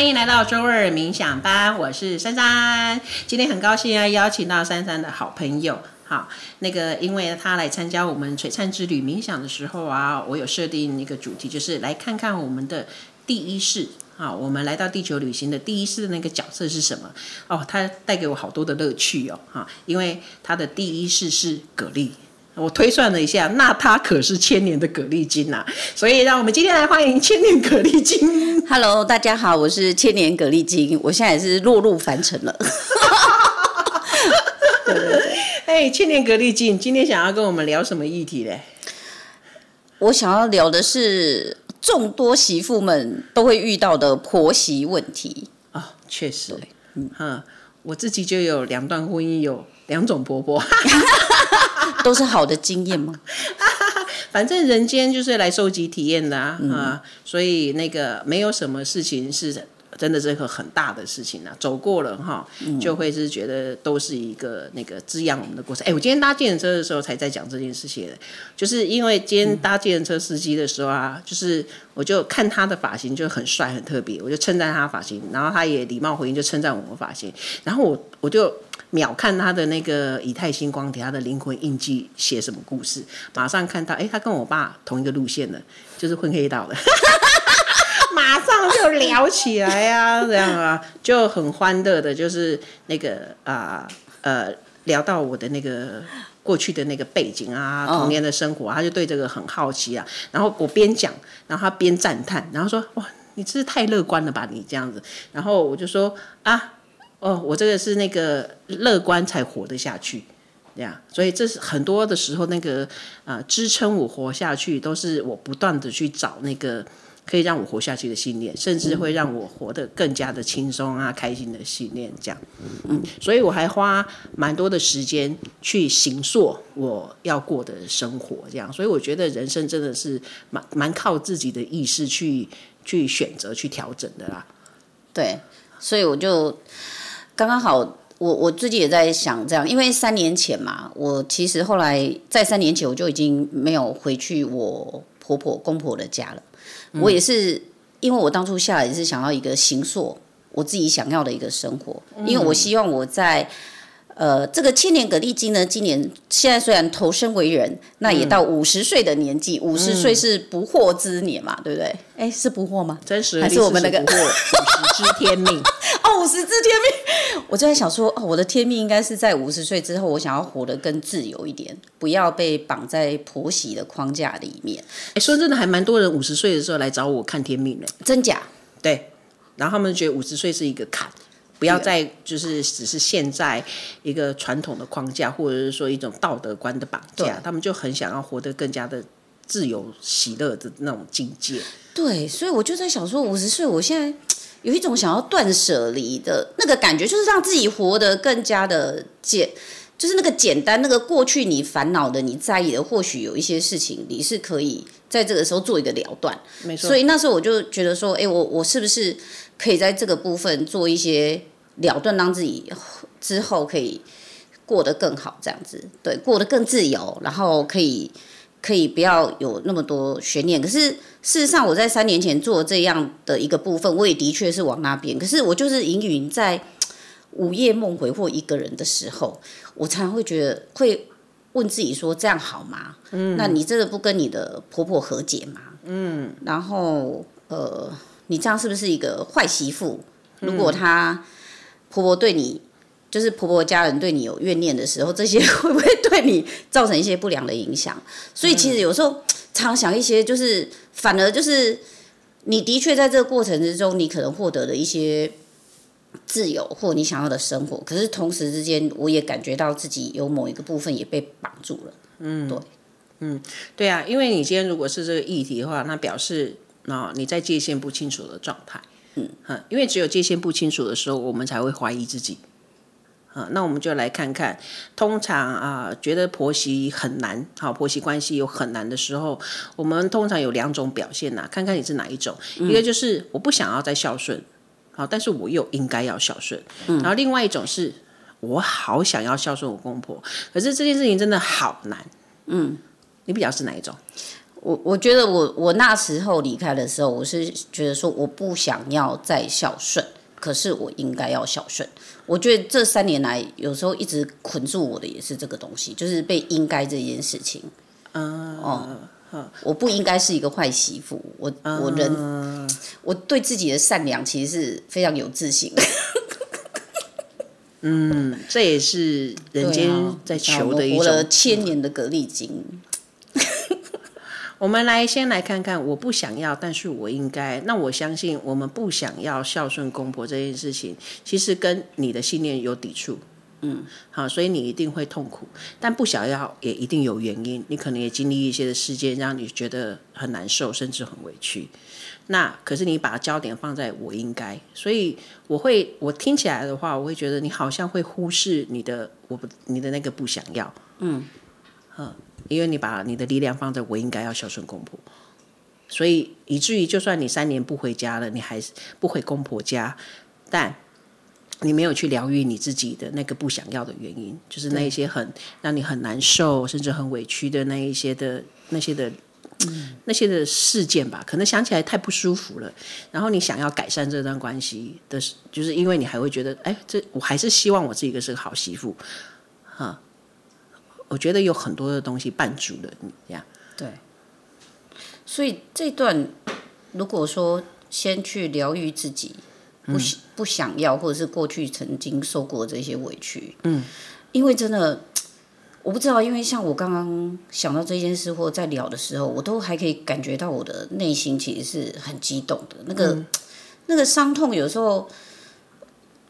歡迎來到周二冥想班，我是珊珊。今天很高興要邀請到珊珊的好朋友，好，那個因為他來參加我們璀璨之旅冥想的時候啊，我有設定一個主題，就是來看看我們的第一世，好，我們來到地球旅行的第一世的那個角色是什麼？哦，他帶給我好多的樂趣哦，哈，因為他的第一世是蛤蜊。我推算了一下，那他可是千年的蛤蜊精吶、啊！所以讓我們今天來歡迎千年蛤蜊精。Hello，大家好，我是千年蛤蜊精，我現在也是落入凡塵了。哎，千年蛤蜊精，今天想要跟我們聊什麼議題嘞？我想要聊的是眾多媳婦們都會遇到的婆媳問題啊、哦，確實對、嗯。我自己就有兩段婚姻有。兩種婆婆， 都是好的經驗嘛。 反正人間就是來收集體驗的啊、嗯、啊，所以那個沒有什麼事情是真的這個很大的事情了、啊。走過了哈，就會是覺得都是一個那個滋養我們的過程。哎、嗯欸，我今天搭計程車的時候才在講這件事情的，就是因為今天搭計程車司機的時候啊，嗯、就是我就看他的髮型就很帥很特別，我就稱讚他髮型，然後他也禮貌回應就稱讚我們髮型，然後我我就。秒看他的那個以太星光體，他的靈魂印記寫什麼故事？馬上看到，誒、欸，他跟我爸同一個路線的，就是混黑道的， 馬上就聊起來啊， 這樣啊，就很歡樂的，就是那個啊呃，呃，聊到我的那個過去的那個背景啊，童年的生活，啊，他就對這個很好奇啊。Oh. 然後我邊講，然後他邊讚嘆，然後說，哇，你這是太樂觀了吧，你這樣子。然後我就說啊。哦，我這個是那個樂觀才活得下去，這樣，所以這是很多的時候那個啊、呃，支撐我活下去都是我不斷的去找那個可以讓我活下去的信念，甚至會讓我活得更加的輕鬆啊、開心的信念這樣。嗯，所以我還花蠻多的時間去形塑我要過的生活這樣，所以我覺得人生真的是蠻蠻靠自己的意識去去選擇去調整的啦。對，所以我就。剛剛好，我我自己也在想這樣，因為三年前嘛，我其實後來在三年前我就已經沒有回去我婆婆公婆的家了。嗯、我也是因為我當初下來也是想要一個行碩，我自己想要的一個生活，嗯、因為我希望我在。呃，這個千年蛤蜊精呢，今年現在雖然投身為人，嗯、那也到五十歲的年紀，五十歲是不惑之年嘛，嗯、對不對？哎，是不惑嗎？真實是還是我們那個？不惑五十知天命。 哦，五十知天命。我就在想說，哦，我的天命應該是在五十歲之後，我想要活得更自由一點，不要被綁在婆媳的框架裡面。哎，說真的，還蠻多人五十歲的時候來找我看天命的，真假？對。然後他們覺得五十歲是一個坎。不要再就是只是現在一個傳統的框架，或者是說一種道德觀的綁架，對他們就很想要活得更加的自由、喜樂的那種境界。對，所以我就在想說，五十歲我現在有一種想要斷舍離的那個感覺，就是讓自己活得更加的簡，就是那個簡單。那個過去你煩惱的、你在意的，或許有一些事情你是可以在這個時候做一個了斷。沒錯。所以那時候我就覺得說，誒，我我是不是可以在這個部分做一些。了斷，讓自己之後可以過得更好，這樣子對，過得更自由，然後可以可以不要有那麼多懸念。可是事實上，我在三年前做這樣的一個部分，我也的確是往那邊。可是我就是隱隱在午夜夢回或一個人的時候，我常會覺得會問自己說：這樣好嗎？嗯，那你真的不跟你的婆婆和解嗎？嗯，然後呃，你這樣是不是一個壞媳婦？嗯，如果她。婆婆對你，就是婆婆家人對你有怨念的時候，這些會不會對你造成一些不良的影響？所以其實有時候、嗯、常想一些，就是反而就是你的確在這個過程之中，你可能獲得了一些自由或你想要的生活。可是同時之間，我也感覺到自己有某一個部分也被綁住了。嗯，對，嗯，對啊，因為你今天如果是這個議題的話，那表示啊、哦，你在界限不清楚的狀態。嗯，因為只有界限不清楚的時候，我們才會懷疑自己、啊。那我們就來看看，通常啊，覺得婆媳很難，好，婆媳關係又很難的時候，我們通常有兩種表現吶、啊，看看你是哪一種。嗯、一個就是我不想要再孝順，好，但是我又應該要孝順。嗯、然後另外一種是我好想要孝順我公婆，可是這件事情真的好難。嗯，你比較是哪一種？我我覺得我我那時候離開的時候，我是覺得說我不想要再孝順，可是我應該要孝順。我覺得這三年來，有時候一直捆住我的也是這個東西，就是被應該這件事情。Uh, 哦，好我不應該是一個壞媳婦，我、uh, 我人，我對自己的善良其實是非常有自信的。 嗯，這也是人間在求的一種，了、啊、千年的蛤蠣精。我們來先來看看，我不想要，但是我應該。那我相信，我們不想要孝順公婆這件事情，其實跟你的信念有抵觸。嗯，好，所以你一定會痛苦。但不想要也一定有原因，你可能也經歷一些的事件，讓你覺得很難受，甚至很委屈。那可是你把焦點放在我應該，所以我會，我聽起來的話，我會覺得你好像會忽視你的我不，你的那個不想要。嗯。嗯，因為你把你的力量放在“我應該要孝順公婆”，所以以至於就算你三年不回家了，你還是不回公婆家，但你沒有去療癒你自己的那個不想要的原因，就是那一些很讓你很難受，甚至很委屈的那一些的那些的那些的事件吧，可能想起來太不舒服了。然後你想要改善這段關係的，就是因為你還會覺得，哎，這我還是希望我自己是個好媳婦，哈。我覺得有很多的東西絆住了你，這樣，yeah, 對。所以這段，如果說先去療癒自己，不、嗯、不想要，或者是過去曾經受過這些委屈，嗯，因為真的，我不知道，因為像我剛剛想到這件事或在聊的時候，我都還可以感覺到我的內心其實是很激動的，嗯，那個那個傷痛，有時候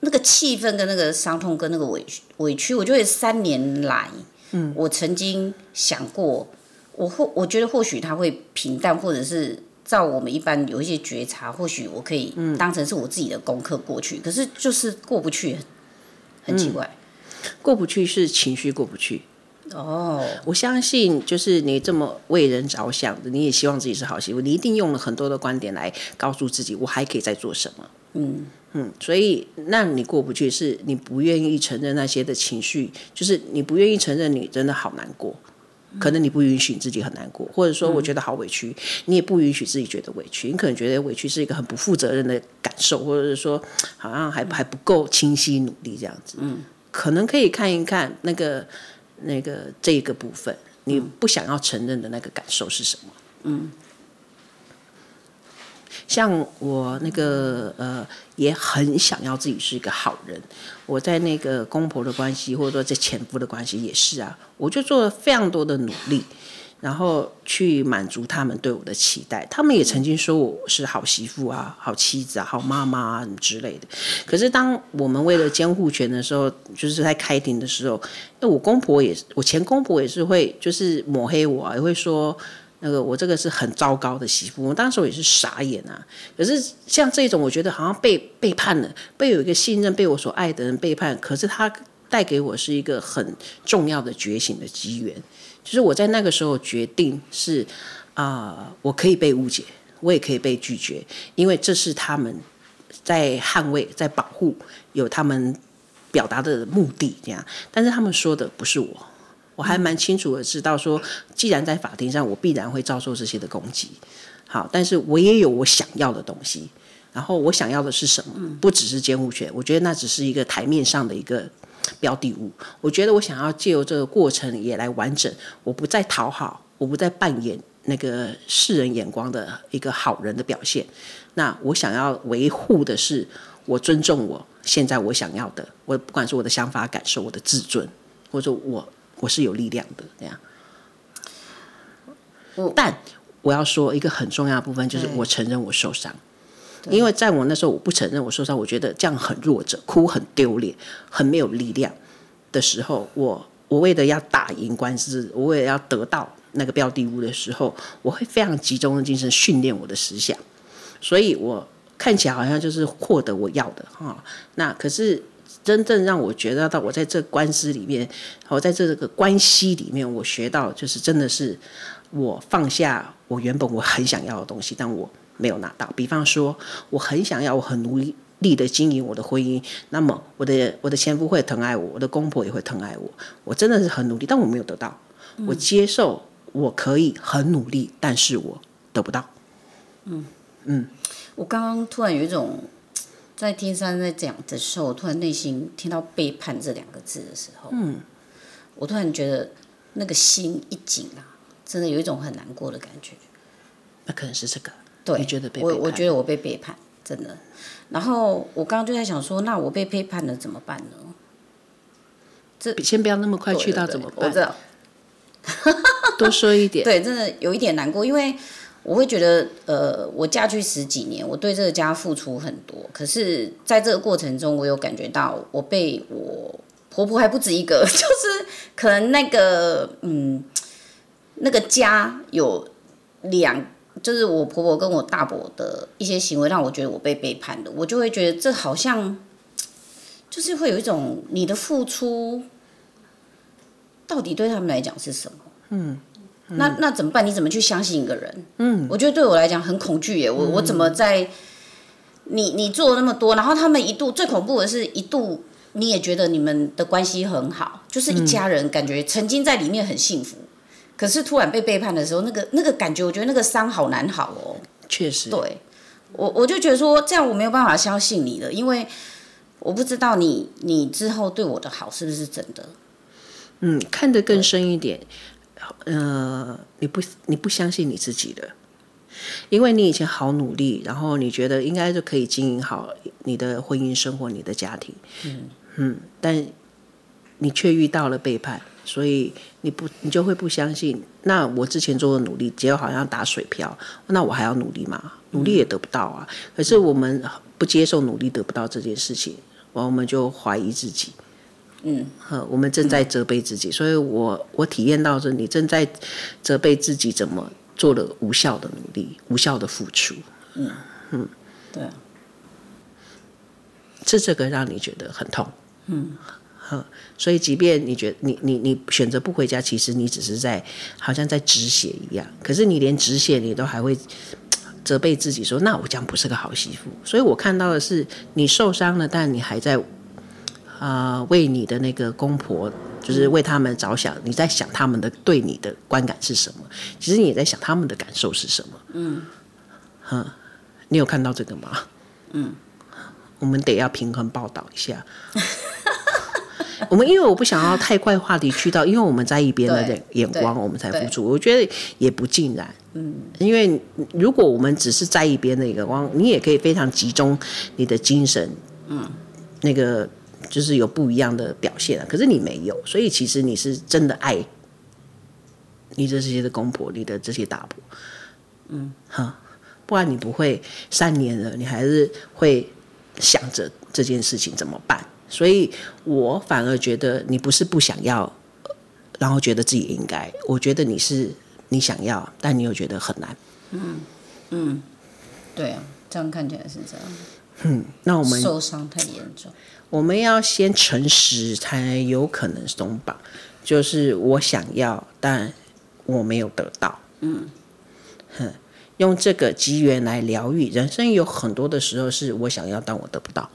那個氣憤跟那個傷痛跟那個委屈委屈，我覺得三年來。嗯，我曾經想過，我或我覺得或許他會平淡，或者是照我們一般有一些覺察，或許我可以當成是我自己的功課過去。嗯，可是就是過不去很，很奇怪，嗯，過不去是情緒過不去。哦，我相信就是你這麼為人着想的，你也希望自己是好媳婦，你一定用了很多的觀點來告訴自己，我還可以再做什麼。嗯。嗯，所以那你過不去是你不願意承認那些的情緒，就是你不願意承認你真的好難過，可能你不允許你自己很難過，或者說我覺得好委屈，嗯、你也不允許自己覺得委屈，你可能覺得委屈是一個很不負責任的感受，或者是說好像還、嗯、還不夠清晰努力這樣子。嗯，可能可以看一看那個那個這個部分，你不想要承認的那個感受是什麼？嗯。嗯像我那個呃，也很想要自己是一個好人。我在那個公婆的關係，或者說在前夫的關係也是啊，我就做了非常多的努力，然後去滿足他們對我的期待。他們也曾經說我是好媳婦啊、好妻子啊、好媽媽啊什麼之類的。可是當我們為了監護權的時候，就是在開庭的時候，那我公婆也，我前公婆也是會就是抹黑我啊，也會說。那個我這個是很糟糕的媳婦，我當時也是傻眼啊。可是像這種，我覺得好像被背叛了，被有一個信任，被我所愛的人背叛。可是他帶給我是一個很重要的覺醒的機緣，就是我在那個時候決定是啊、呃，我可以被誤解，我也可以被拒絕，因為這是他們在捍衛、在保護，有他們表達的目的這樣。但是他們說的不是我。我還蠻清楚的知道，說既然在法庭上，我必然會遭受這些的攻擊。好，但是我也有我想要的東西。然後我想要的是什麼？不只是監護權，我覺得那只是一個台面上的一個標的物。我覺得我想要借由這個過程也來完整。我不再討好，我不再扮演那個世人眼光的一個好人的表現。那我想要維護的是，我尊重我現在我想要的。我不管是我的想法、感受、我的自尊，或者我。我是有力量的，這樣。但我要說一個很重要的部分，就是我承認我受傷。因為在我那時候，我不承認我受傷，我覺得這樣很弱者，哭很丟臉，很沒有力量的時候，我我為了要打贏官司，我為了要得到那個標的物的時候，我會非常集中的精神訓練我的思想，所以我看起來好像就是獲得我要的哈。那可是。真正讓我覺得到，我在這官司裡面，我在這個關係裡面，我學到就是真的是，我放下我原本我很想要的東西，但我沒有拿到。比方說，我很想要，我很努力的經營我的婚姻，那麼我的我的前夫會疼愛我，我的公婆也會疼愛我，我真的是很努力，但我沒有得到。我接受我可以很努力，但是我得不到。嗯嗯，我剛剛突然有一種。在33在講的時候，我突然內心聽到“背叛”這兩個字的時候，嗯，我突然覺得那個心一緊啊，真的有一種很難過的感覺。那可能是這個，對，你覺得被背叛我？我覺得我被背叛，真的。然後我剛剛就在想說，那我被背叛了怎麼辦呢？這先不要那麼快去到怎麼辦？知 多說一點，對，真的有一點難過，因為。我會覺得，呃，我嫁去十幾年，我對這個家付出很多，可是在這個過程中，我有感覺到我被我婆婆還不止一個，就是可能那個，嗯，那個家有兩，就是我婆婆跟我大伯的一些行為，讓我覺得我被背叛了，我就會覺得這好像就是會有一種你的付出到底對他們來講是什麼？嗯。那那怎麼辦？你怎麼去相信一個人？嗯，我覺得對我來講很恐懼耶。嗯、我我怎麼在你你做那麼多，然後他們一度最恐怖的是一度你也覺得你們的關係很好，就是一家人感覺曾經在裡面很幸福，嗯、可是突然被背叛的時候，那個那個感覺，我覺得那個傷好難好哦。確實。對，我我就覺得說這樣我沒有辦法相信你的，因為我不知道你你之後對我的好是不是真的。嗯，看得更深一點。嗯呃，你不你不相信你自己的，因為你以前好努力，然後你覺得應該就可以經營好你的婚姻生活、你的家庭，嗯，嗯，但你卻遇到了背叛，所以你不你就會不相信。那我之前做的努力，結果好像打水漂，那我還要努力嗎？努力也得不到啊。可是我們不接受努力得不到這件事情，然後我們就懷疑自己。嗯，呵，我們正在責備自己，嗯、所以我我體驗到是，你正在責備自己怎麼做了無效的努力，無效的付出。嗯嗯，嗯對，是這個讓你覺得很痛。嗯，呵，所以即便你覺得你你你，你選擇不回家，其實你只是在好像在止血一樣，可是你連止血你都還會責備自己說，那我將不是個好媳婦。所以我看到的是你受傷了，但你還在。啊、呃，為你的那個公婆，就是為他們着想，你在想他們的對你的觀感是什麼？其實你也在想他們的感受是什麼？嗯，哼，你有看到這個嗎？嗯，我們得要平衡報道一下。 我們因為我不想要太快話題去到，因為我們在意別人的眼光，我們才付出。我覺得也不盡然。嗯，因為如果我們只是在意別人的眼光，你也可以非常集中你的精神。嗯，那個。就是有不一樣的表現了啊，可是你沒有，所以其實你是真的愛你這些的公婆，你的這些大婆。嗯，哈，不然你不會三年了，你還是會想着這件事情怎麼辦？所以我反而覺得你不是不想要，然後覺得自己應該，我覺得你是你想要，但你又覺得很難，嗯嗯，對啊，這樣看起來是這樣。嗯，那我們受傷太嚴重，我們要先誠實，才有可能鬆綁。就是我想要，但我沒有得到。嗯，哼，用這個機緣來療癒。人生有很多的時候是我想要，但我得不到。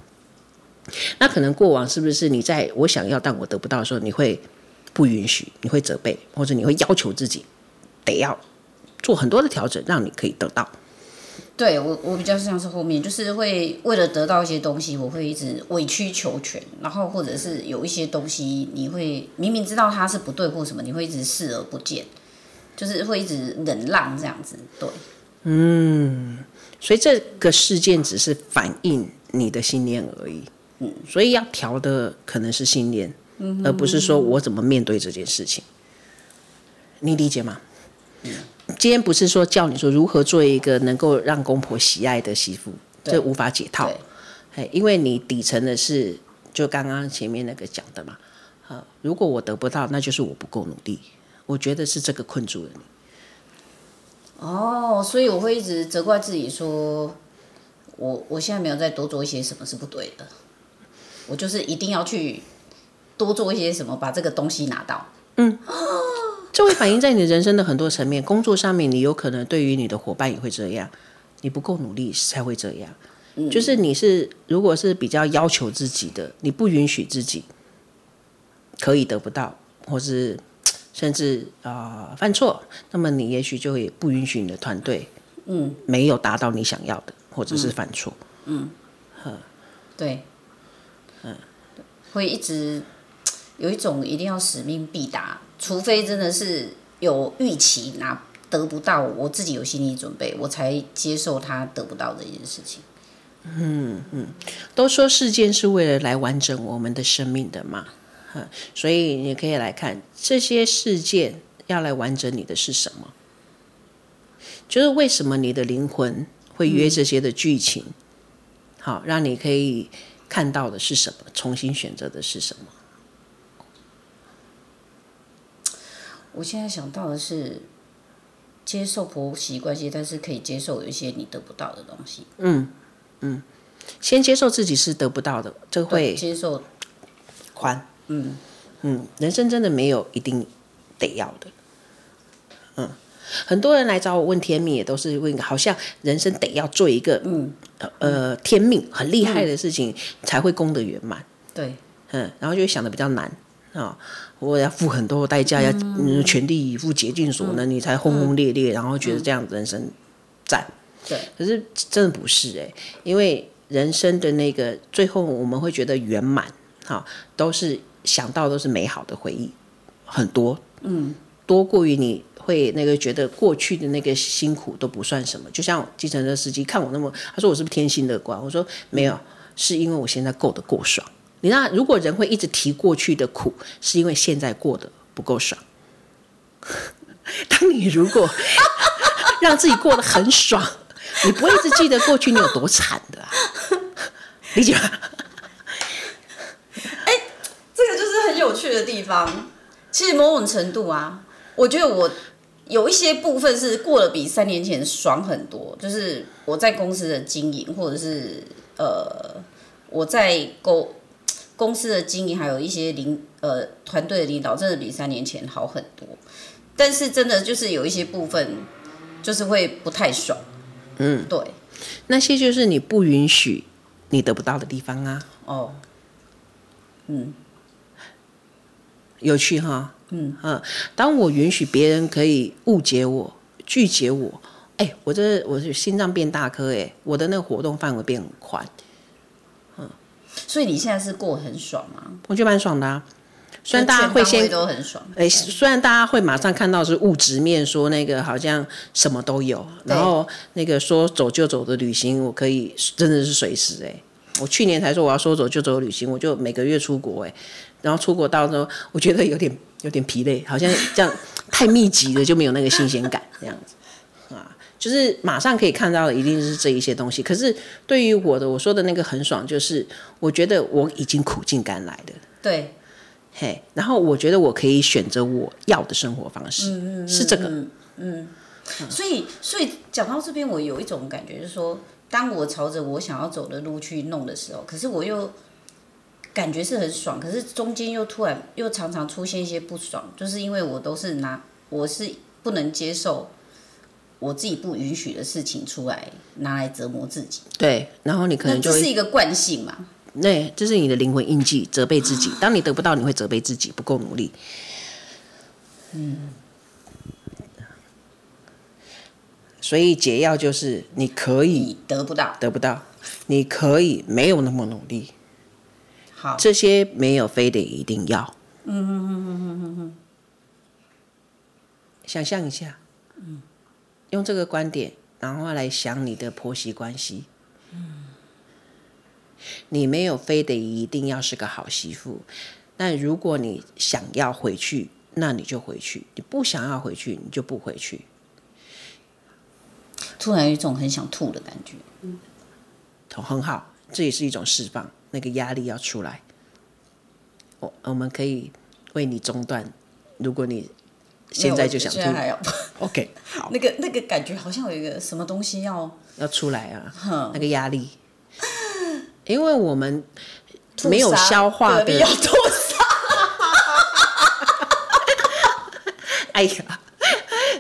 那可能過往是不是你在我想要，但我得不到的時候，你會不允許，你會責備，或者你會要求自己得要做很多的調整，讓你可以得到。對我，我比較像是後面，就是會為了得到一些東西，我會一直委曲求全，然後或者是有一些東西，你會明明知道它是不對或什麼，你會一直視而不見，就是會一直忍讓這樣子。對，嗯，所以這個事件只是反映你的信念而已，嗯，所以要調的可能是信念，嗯哼，而不是說我怎麼面對這件事情，你理解嗎？嗯今天不是說叫你說如何做一個能夠讓公婆喜愛的媳婦，這對無法解套，對因為你底層的是就剛剛前面那個講的嘛，如果我得不到，那就是我不夠努力，我覺得是這個困住了你。哦，所以我會一直責怪自己說，我我現在沒有再多做一些什麼是不對的，我就是一定要去多做一些什麼，把這個東西拿到，嗯。這會反映在你人生的很多層面，工作上面，你有可能對於你的伙伴也會這樣，你不夠努力才會這樣。嗯，就是你是如果是比較要求自己的，你不允許自己可以得不到，或是甚至啊、呃、犯錯，那麼你也許就會不允許你的團隊，嗯，沒有達到你想要的，嗯，或者是犯錯，嗯，對，嗯，會一直有一種一定要使命必達。除非真的是有預期拿、啊、得不到我，我自己有心理準備，我才接受他得不到這件事情。嗯嗯，都說事件是為了來完整我們的生命的嘛，哼，所以你可以來看這些事件要來完整你的是什麼，就是為什麼你的靈魂會約這些的劇情，嗯、好，讓你可以看到的是什麼，重新選擇的是什麼。我現在想到的是，接受婆媳關係，但是可以接受有一些你得不到的東西。嗯嗯，先接受自己是得不到的，這會接受寬。嗯嗯，人生真的沒有一定得要的。嗯，很多人來找我問天命，也都是問好像人生得要做一個嗯呃嗯天命很厲害的事情，嗯，才會功德圓滿。對，嗯，然後就會想的比較難。啊、哦！我要付很多代價，嗯、要全力以赴捷所、竭盡所能，你才轟轟烈烈，嗯、然後覺得這樣的人生讚。嗯、讚對，可是真的不是誒、欸，因為人生的那個最後我們會覺得圓滿，啊、哦，都是想到都是美好的回憶很多，嗯，多過於你會那個覺得過去的那個辛苦都不算什麼。就像計程車司機看我那麼，他說我是不是天性樂觀，我說沒有，嗯、是因為我現在過得夠爽。你知道如果人會一直提過去的苦，是因為現在過得不夠爽。 當你如果讓自己過得很爽， 你不會一直記得過去你有多慘的啊？理解吧？哎、欸，這個就是很有趣的地方。其實某種程度啊，我覺得我有一些部分是過得比三年前爽很多。就是我在公司的經營，或者是呃，我在溝。公司的經營還有一些領呃團隊的領導，真的比三年前好很多。但是真的就是有一些部分，就是會不太爽。嗯，對，那些就是你不允許、你得不到的地方啊。哦，嗯，有趣哈。嗯，嗯，當我允許別人可以誤解我、拒絕我，哎、欸，我這我是心臟變大顆，哎，我的那個活動範圍變寬。所以你現在是過很爽嗎？我覺得蠻爽的，啊，雖然大家會先都很爽，欸。雖然大家會馬上看到是物質面，說那個好像什麼都有，對然後那個說走就走的旅行，我可以真的是隨時，欸。哎，我去年才說我要說走就走的旅行，我就每個月出國，欸。然後出國到的時候，我覺得有點有點疲累，好像這樣太密集了，就沒有那個新鮮感這樣子。 就是馬上可以看到的，一定是這一些東西。可是對於我的，我說的那個很爽，就是我覺得我已經苦盡甘來的。對，嘿，然後我覺得我可以選擇我要的生活方式，嗯嗯嗯、是這個。嗯，所以，所以講到這邊，我有一種感覺，就是說，當我朝着我想要走的路去弄的時候，可是我又感覺是很爽，可是中間又突然又常常出現一些不爽，就是因為我都是拿，我是不能接受。我自己不允許的事情出來，拿來折磨自己。對，然後你可能就是一個慣性嘛？對，這是你的靈魂印記，責備自己。當你得不到，你會責備自己不夠努力。嗯。所以解藥就是你可以，你得不到，得不到，你可以沒有那麼努力。好，這些沒有非得一定要。嗯嗯嗯嗯嗯嗯。想象一下。嗯。用這個觀點，然後來想你的婆媳關係。你沒有非得一定要是個好媳婦，但如果你想要回去，那你就回去；你不想要回去，你就不回去。突然有一種很想吐的感覺。嗯，很好，這也是一種釋放，那個壓力要出來。我我們可以為你中斷，如果你。現在就想吐 ，OK，好，那個那個感覺好像有一個什麼東西要要出來啊，嗯、那個壓力，因為我們沒有消化的，吐要吐沙， 哎呀，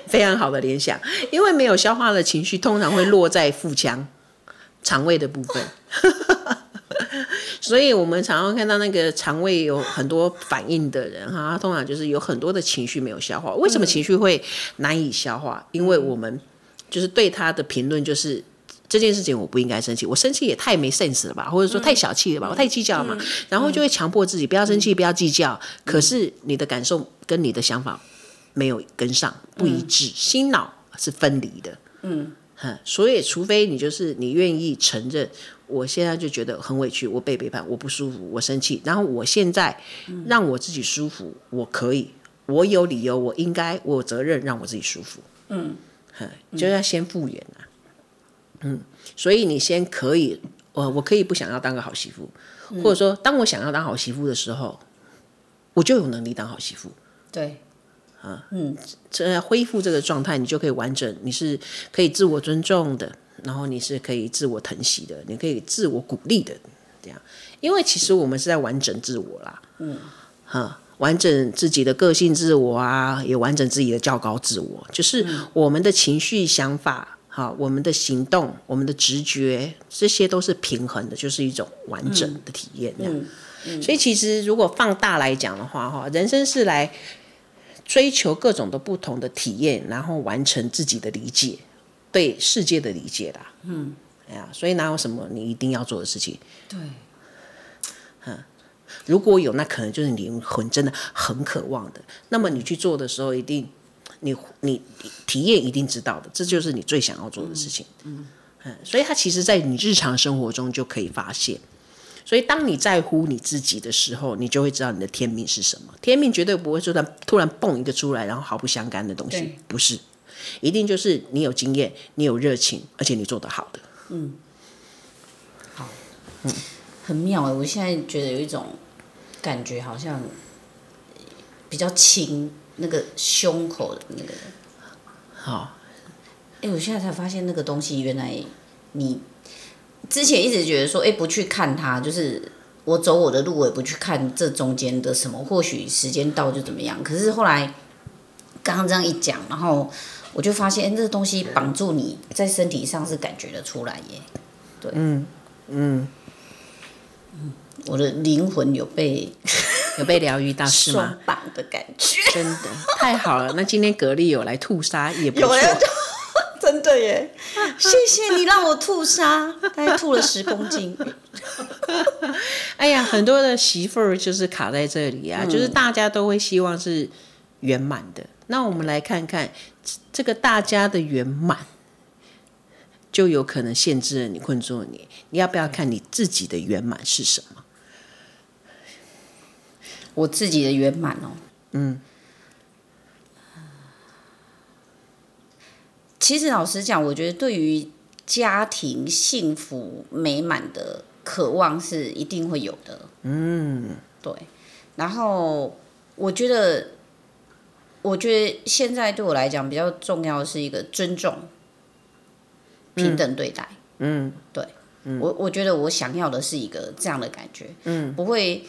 非常好的聯想，因為沒有消化的情緒，通常會落在腹腔、腸胃的部分。所以，我們常常看到那個腸胃有很多反應的人，哈，他通常就是有很多的情緒沒有消化。為什麼情緒會難以消化？嗯、因為我們就是對他的評論，就是這件事情我不應該生氣，我生氣也太沒 sense 了吧，或者說太小氣了吧，嗯、我太計較了嘛。嗯嗯、然後就會強迫自己不要生氣，不要計較。嗯、可是你的感受跟你的想法沒有跟上，不一致，嗯、心腦是分離的。嗯，所以除非你就是你願意承認。我現在就覺得很委屈，我被背、背叛，我不舒服，我生氣。然後我現在讓我自己舒服，嗯、我可以，我有理由，我應該，我有責任讓我自己舒服。嗯，就要先復原啊。嗯、嗯，所以你先可以，我我可以不想要當個好媳婦，嗯、或者說當我想要當好媳婦的時候，我就有能力當好媳婦。對，呵嗯，只要恢復這個狀態，你就可以完整，你是可以自我尊重的。然後你是可以自我疼惜的，你可以自我鼓勵的，這樣，因為其實我們是在完整自我啦，嗯，哈，完整自己的個性自我啊，也完整自己的較高自我，就是我們的情緒、想法、哈，嗯啊，我們的行動、我們的直覺，這些都是平衡的，就是一種完整的體驗這樣，嗯嗯嗯，所以其實如果放大來講的話，哈，人生是來追求各種的不同的體驗，然後完成自己的理解，對世界的理解啦，嗯，哎呀、嗯，所以哪有什麼你一定要做的事情？對，嗯，如果有，那可能就是靈魂真的很渴望的。那麼你去做的時候，一定你你，你體驗一定知道的，嗯、這就是你最想要做的事情。嗯，嗯，嗯，所以他其實在你日常生活中就可以發現。所以當你在乎你自己的時候，你就會知道你的天命是什麼。天命絕對不會說他突然蹦一個出來，然後毫不相干的東西，對不是。一定就是你有經驗，你有熱情，而且你做得好的。嗯，好，嗯，很妙哎！我現在覺得有一種感覺，好像比較輕，那個胸口的那個。好，哎，我現在才發現那個東西，原來你之前一直覺得說，哎，不去看它，就是我走我的路，我也不去看這中間的什麼，或許時間到就怎麼樣。可是後來剛剛這樣一講，然後。我就發現，這、欸、東西綁住你在身體上是感覺得出來耶，對，嗯嗯，我的靈魂有被 有被療癒到是嗎？綁的感覺，真的太好了。 那今天蛤蜊有來吐沙也不錯，真的耶！ 謝謝你讓我吐沙，大概吐了十公斤。 哎呀，很多的媳婦兒就是卡在這裡啊，嗯、就是大家都會希望是圓滿的。那我們來看看這個大家的圓滿，就有可能限制了你，困住了你。你要不要看你自己的圓滿是什麼？我自己的圓滿哦。嗯。嗯。其實老實講，我覺得對於家庭幸福美滿的渴望是一定會有的。嗯，對。然後我覺得。我覺得現在對我來講比較重要的是一個尊重、平等對待。嗯，嗯，對，嗯，我，我覺得我想要的是一個這樣的感覺，嗯，不會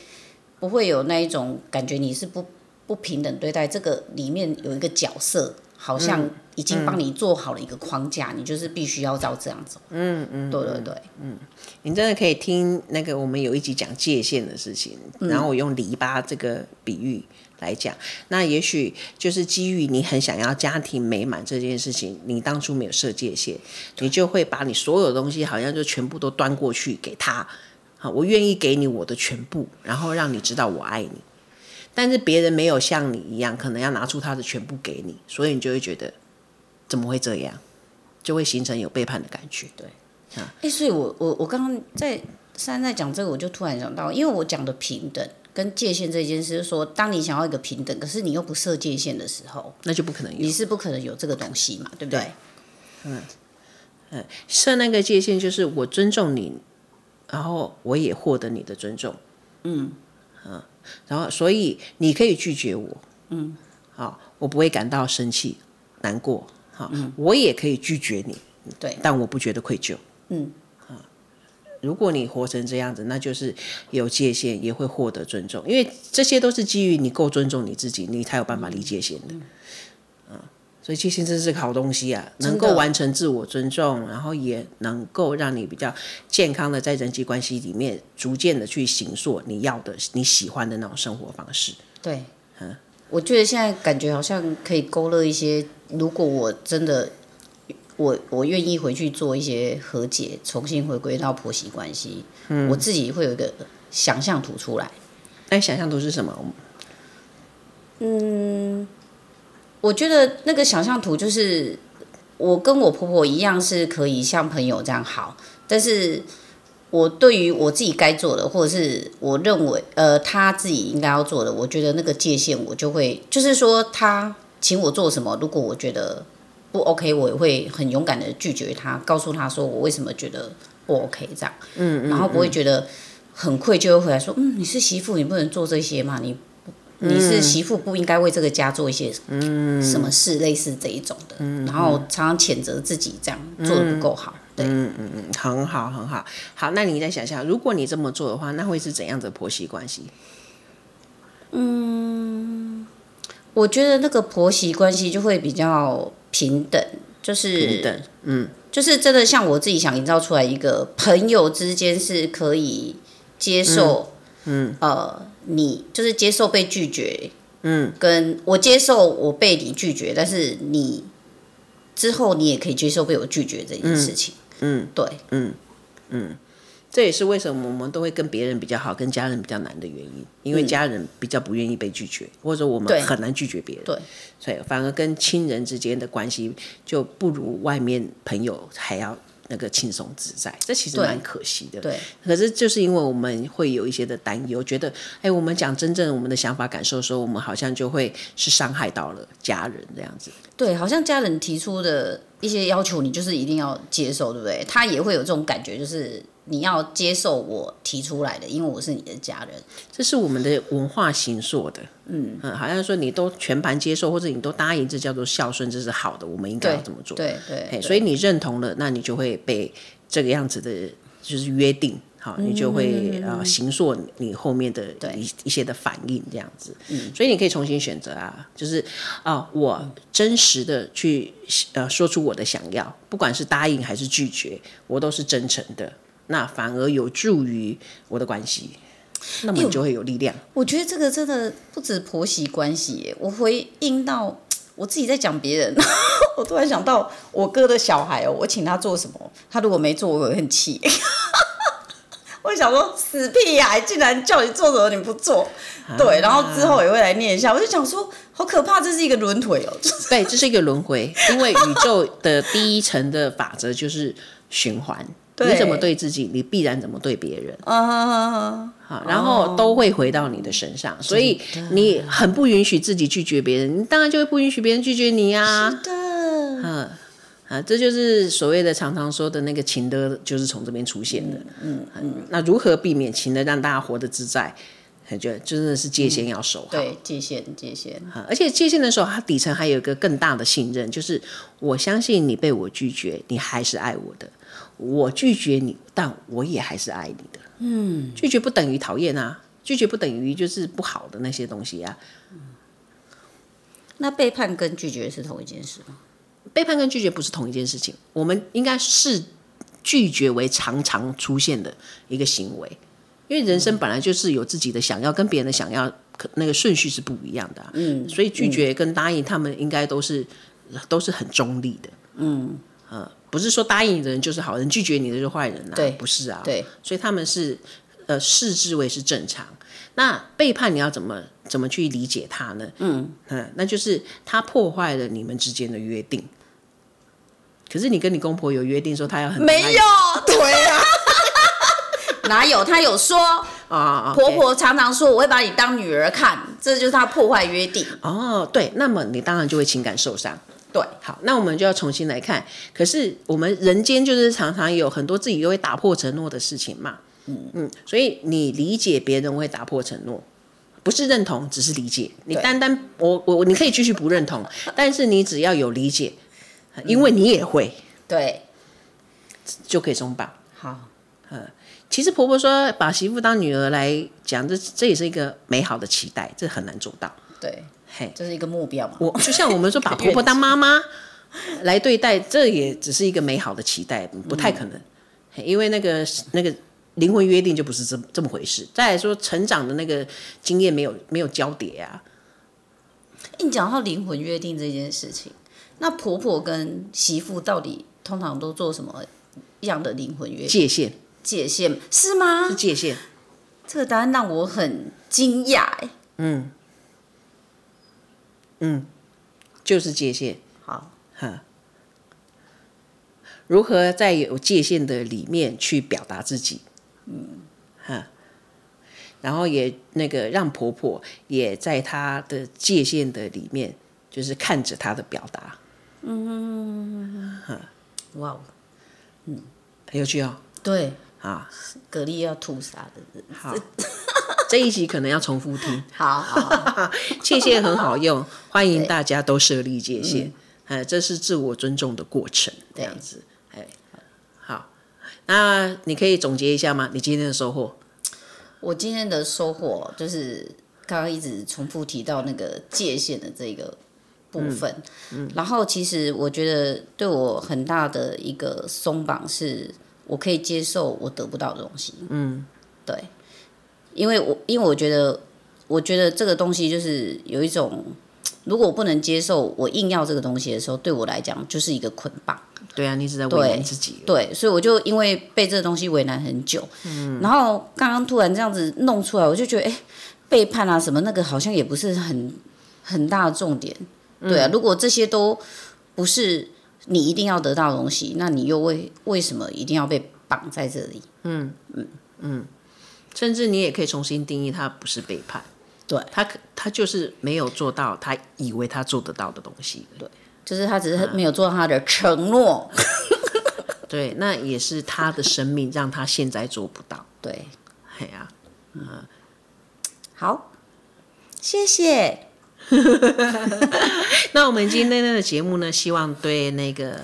不會有那一種感覺，你是不不平等對待，這個裡面有一個角色。好像已經幫你做好了一個框架，嗯嗯、你就是必須要照這樣走、嗯。嗯嗯，對對對嗯，嗯，你真的可以聽那個我們有一集講界限的事情，嗯、然後我用籬笆這個比喻來講，那也許就是基於你很想要家庭美滿這件事情，你當初沒有設界限，對你就會把你所有東西好像就全部都端過去給他。好，我願意給你我的全部，然後讓你知道我愛你。但是別人沒有像你一樣，可能要拿出他的全部給你，所以你就會覺得怎麼會這樣，就會形成有背叛的感覺。對，啊、欸，所以我我我剛剛在現在在講這個，我就突然想到，因為我講的平等跟界限這件事是說，說當你想要一個平等，可是你又不設界限的時候，那就不可能，你是不可能有這個東西嘛，對不對？嗯，嗯，設那個界限就是我尊重你，然後我也獲得你的尊重。嗯，嗯、啊。然後，所以你可以拒絕我，嗯，好、哦，我不會感到生氣、難過，好、哦，嗯、我也可以拒絕你，對，但我不覺得愧疚，嗯，啊、哦，如果你活成這樣子，那就是有界限，也會獲得尊重，因為這些都是基於你夠尊重你自己，你才有辦法立界限的。嗯嗯。所以其實真是個好東西啊，的能夠完成自我尊重，然後也能夠讓你比較健康的在人際關係裡面逐漸的去形塑你要的、你喜歡的那種生活方式。對，嗯，我覺得現在感覺好像可以勾勒一些，如果我真的我我願意回去做一些和解，重新回歸到婆媳關係，嗯，我自己會有一個想象圖出來。那想象圖是什麼？嗯。我覺得那個想象圖就是我跟我婆婆一樣，是可以像朋友這樣好，但是我對於我自己該做的，或者是我認為呃她自己應該要做的，我覺得那個界限我就會，就是說她請我做什麼，如果我覺得不 OK，我也會很勇敢的拒絕她，告訴她說我為什麼覺得不 OK 這樣，嗯，嗯，嗯然後不會覺得很愧疚會來說，嗯，你是媳婦，你不能做這些嘛，你。嗯、你是媳婦不應該為這個家做一些什麼事，類似這一種的，嗯嗯、然後常常譴責自己，這樣做得不夠好。嗯、對嗯，嗯嗯，很好很好。好，那你再想想，如果你這麼做的話，那會是怎樣的婆媳關係？嗯，我覺得那個婆媳關係就會比較平等，就是平等，嗯，就是真的像我自己想營造出來一個朋友之間是可以接受，嗯，嗯呃。你就是接受被拒絕，嗯，跟我接受我被你拒絕，但是你之後你也可以接受被我拒絕這件事情，嗯，嗯對，嗯嗯，這也是為什麼我們都會跟別人比較好，跟家人比較難的原因，因為家人比較不願意被拒絕，嗯，或者說我們很難拒絕別人對，對，所以反而跟親人之間的關係就不如外面朋友還要。那個輕鬆自在，這其實蠻可惜的。對，可是就是因為我們會有一些的擔憂，對覺得，哎，我們講真正我們的想法感受的時候，我們好像就會是傷害到了家人這樣子。對，好像家人提出的。一些要求你就是一定要接受，對不對？他也會有這種感覺，就是你要接受我提出來的，因為我是你的家人。這是我們的文化形塑的，嗯嗯，好像說你都全盤接受，或者你都答應，這叫做孝順，這是好的，我們應該要這麼做？對對,對,對，所以你認同了，那你就會被這個樣子的，就是約定。你就會呃形塑你後面的一一些的反應這樣子，所以你可以重新選擇啊，就是啊，我真實的去呃說出我的想要，不管是答應還是拒絕，我都是真誠的，那反而有助於我的關係，那麼你就會有力量。我覺得這個真的不止婆媳關係、欸、我回應到我自己在講別人，我突然想到我哥的小孩哦、喔，我請他做什麼，他如果沒做，我會很氣、欸。我想說死屁呀、啊！竟然叫你做什麼你不做？啊、對，然後之後也會來念一下。我就想說，好可怕，這是一個輪迴哦。對，這是一個輪迴， 因為宇宙的第一層的法則就是循環。對，你怎麼對自己，你必然怎麼對別人。啊，好，然後都會回到你的身上。所以你很不允許自己拒絕別人，你當然就會不允許別人拒絕你啊。是的。嗯。啊，這就是所謂的常常說的那個情勒，就是從這邊出現的。嗯，嗯。那如何避免情勒，讓大家活得自在？我覺得真的是界限要守好。嗯、對，界限，界限。啊，而且界限的時候，它底層還有一個更大的信任，就是我相信你被我拒絕，你還是愛我的。我拒絕你，但我也還是愛你的。嗯。拒絕不等於討厭啊，拒絕不等於就是不好的那些東西啊。那背叛跟拒絕是同一件事嗎？背叛跟拒絕不是同一件事情，我們應該視拒絕為常常出現的一個行為，因為人生本來就是有自己的想要，跟別人的想要那個順序是不一樣的啊。嗯，所以拒絕跟答應，他們應該都是都是很中立的。嗯，呃，不是說答應你的人就是好人，拒絕你的就是壞人啊。對，不是啊。對，所以他們是。呃，視之為是正常。那背叛你要怎麼怎麼去理解他呢？嗯嗯，那就是他破壞了你們之間的約定。可是你跟你公婆有約定說他要很沒有，對呀，啊， 哪有他有說啊？哦，婆婆常常說我會把你當女兒看，這就是他破壞約定。哦，對，那麼你當然就會情感受傷。對，好，那我們就要重新來看。可是我們人間就是常常有很多自己都會打破承諾的事情嘛。嗯，所以你理解別人會打破承諾，不是認同，只是理解。對你單單我我你可以繼續不認同， 但是你只要有理解，嗯、因為你也會對就，就可以鬆綁。好，嗯，其實婆婆說把媳婦當女兒來講，這這也是一個美好的期待，這很難做到。對，嘿，這是一個目標嘛。我就像我們說把婆婆當媽媽來對待， 這也只是一個美好的期待，不太可能，嗯、因為那個那個。靈魂約定就不是這這麼回事。再來說成長的那個經驗沒有沒有交疊啊。欸，你講到靈魂約定這件事情，那婆婆跟媳婦到底通常都做什麼樣的靈魂約定？界限。界限？是嗎？是界限。這個答案讓我很驚訝欸。嗯嗯，就是界限。好哈，如何在有界限的裡面去表達自己？嗯，哈、嗯，然後也那個讓婆婆也在她的界限的裡面，就是看着她的表達，嗯，哈，哇哦，嗯，很哇有趣哦，對，啊好，蛤蜊要吐沙的人，好，這一集可能要重複聽，好 好，好啊、 界限很好用，歡迎大家都設立界限，哎對，嗯、這是自我尊重的過程，這樣子。那你可以總結一下嗎？你今天的收穫？我今天的收穫就是剛剛一直重複提到那個界限的這個部分。嗯，嗯，然後其實我覺得對我很大的一個鬆綁是，我可以接受我得不到的東西。嗯，對，因為我因為我覺得我覺得這個東西就是有一種。如果我不能接受，我硬要這個東西的時候，對我來講就是一個捆綁。對啊，你一直在為難自己對。對，所以我就因為被這個東西為難很久。嗯。然後剛剛突然這樣子弄出來，我就覺得，誒，背叛啊什麼那個好像也不是很很大的重點。對啊，嗯、如果這些都不是你一定要得到的東西，那你又為為什麼一定要被綁在這裡？嗯嗯嗯，甚至你也可以重新定義，它不是背叛。對，他可，他就是沒有做到他以為他做得到的東西，對，就是他只是沒有做到他的承諾，嗯。對，那也是他的生命讓他現在做不到。對，哎呀，嗯，好，謝謝。 那我們今天的節目呢，希望對那個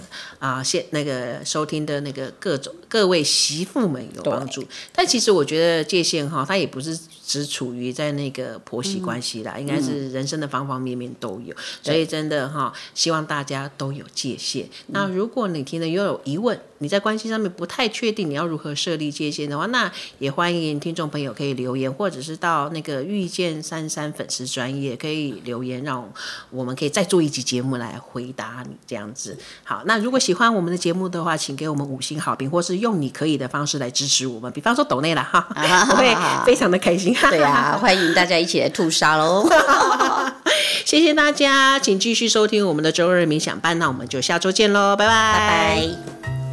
啊，現、呃、那個收聽的那個各種各位媳婦們有幫助。對但其實我覺得界限哈，哦，他也不是，只處於在那個婆媳關係啦，嗯、應該是人生的方方面面都有，嗯、所以真的哈，希望大家都有界限。嗯、那如果你聽了又有疑問，你在關係上面不太確定你要如何設立界限的話，那也歡迎聽眾朋友可以留言，或者是到那個遇見三三粉絲專頁可以留言，讓我們可以再做一集節目來回答你這樣子。好，那如果喜歡我們的節目的話，請給我們五星好評，或是用你可以的方式來支持我們，比方說抖內啦，哈， 我會非常的開心。對呀、啊，歡迎大家一起來吐沙嘍！ 謝謝大家，請繼續收聽我們的週二冥想班，那我們就下周見嘍，拜拜拜拜。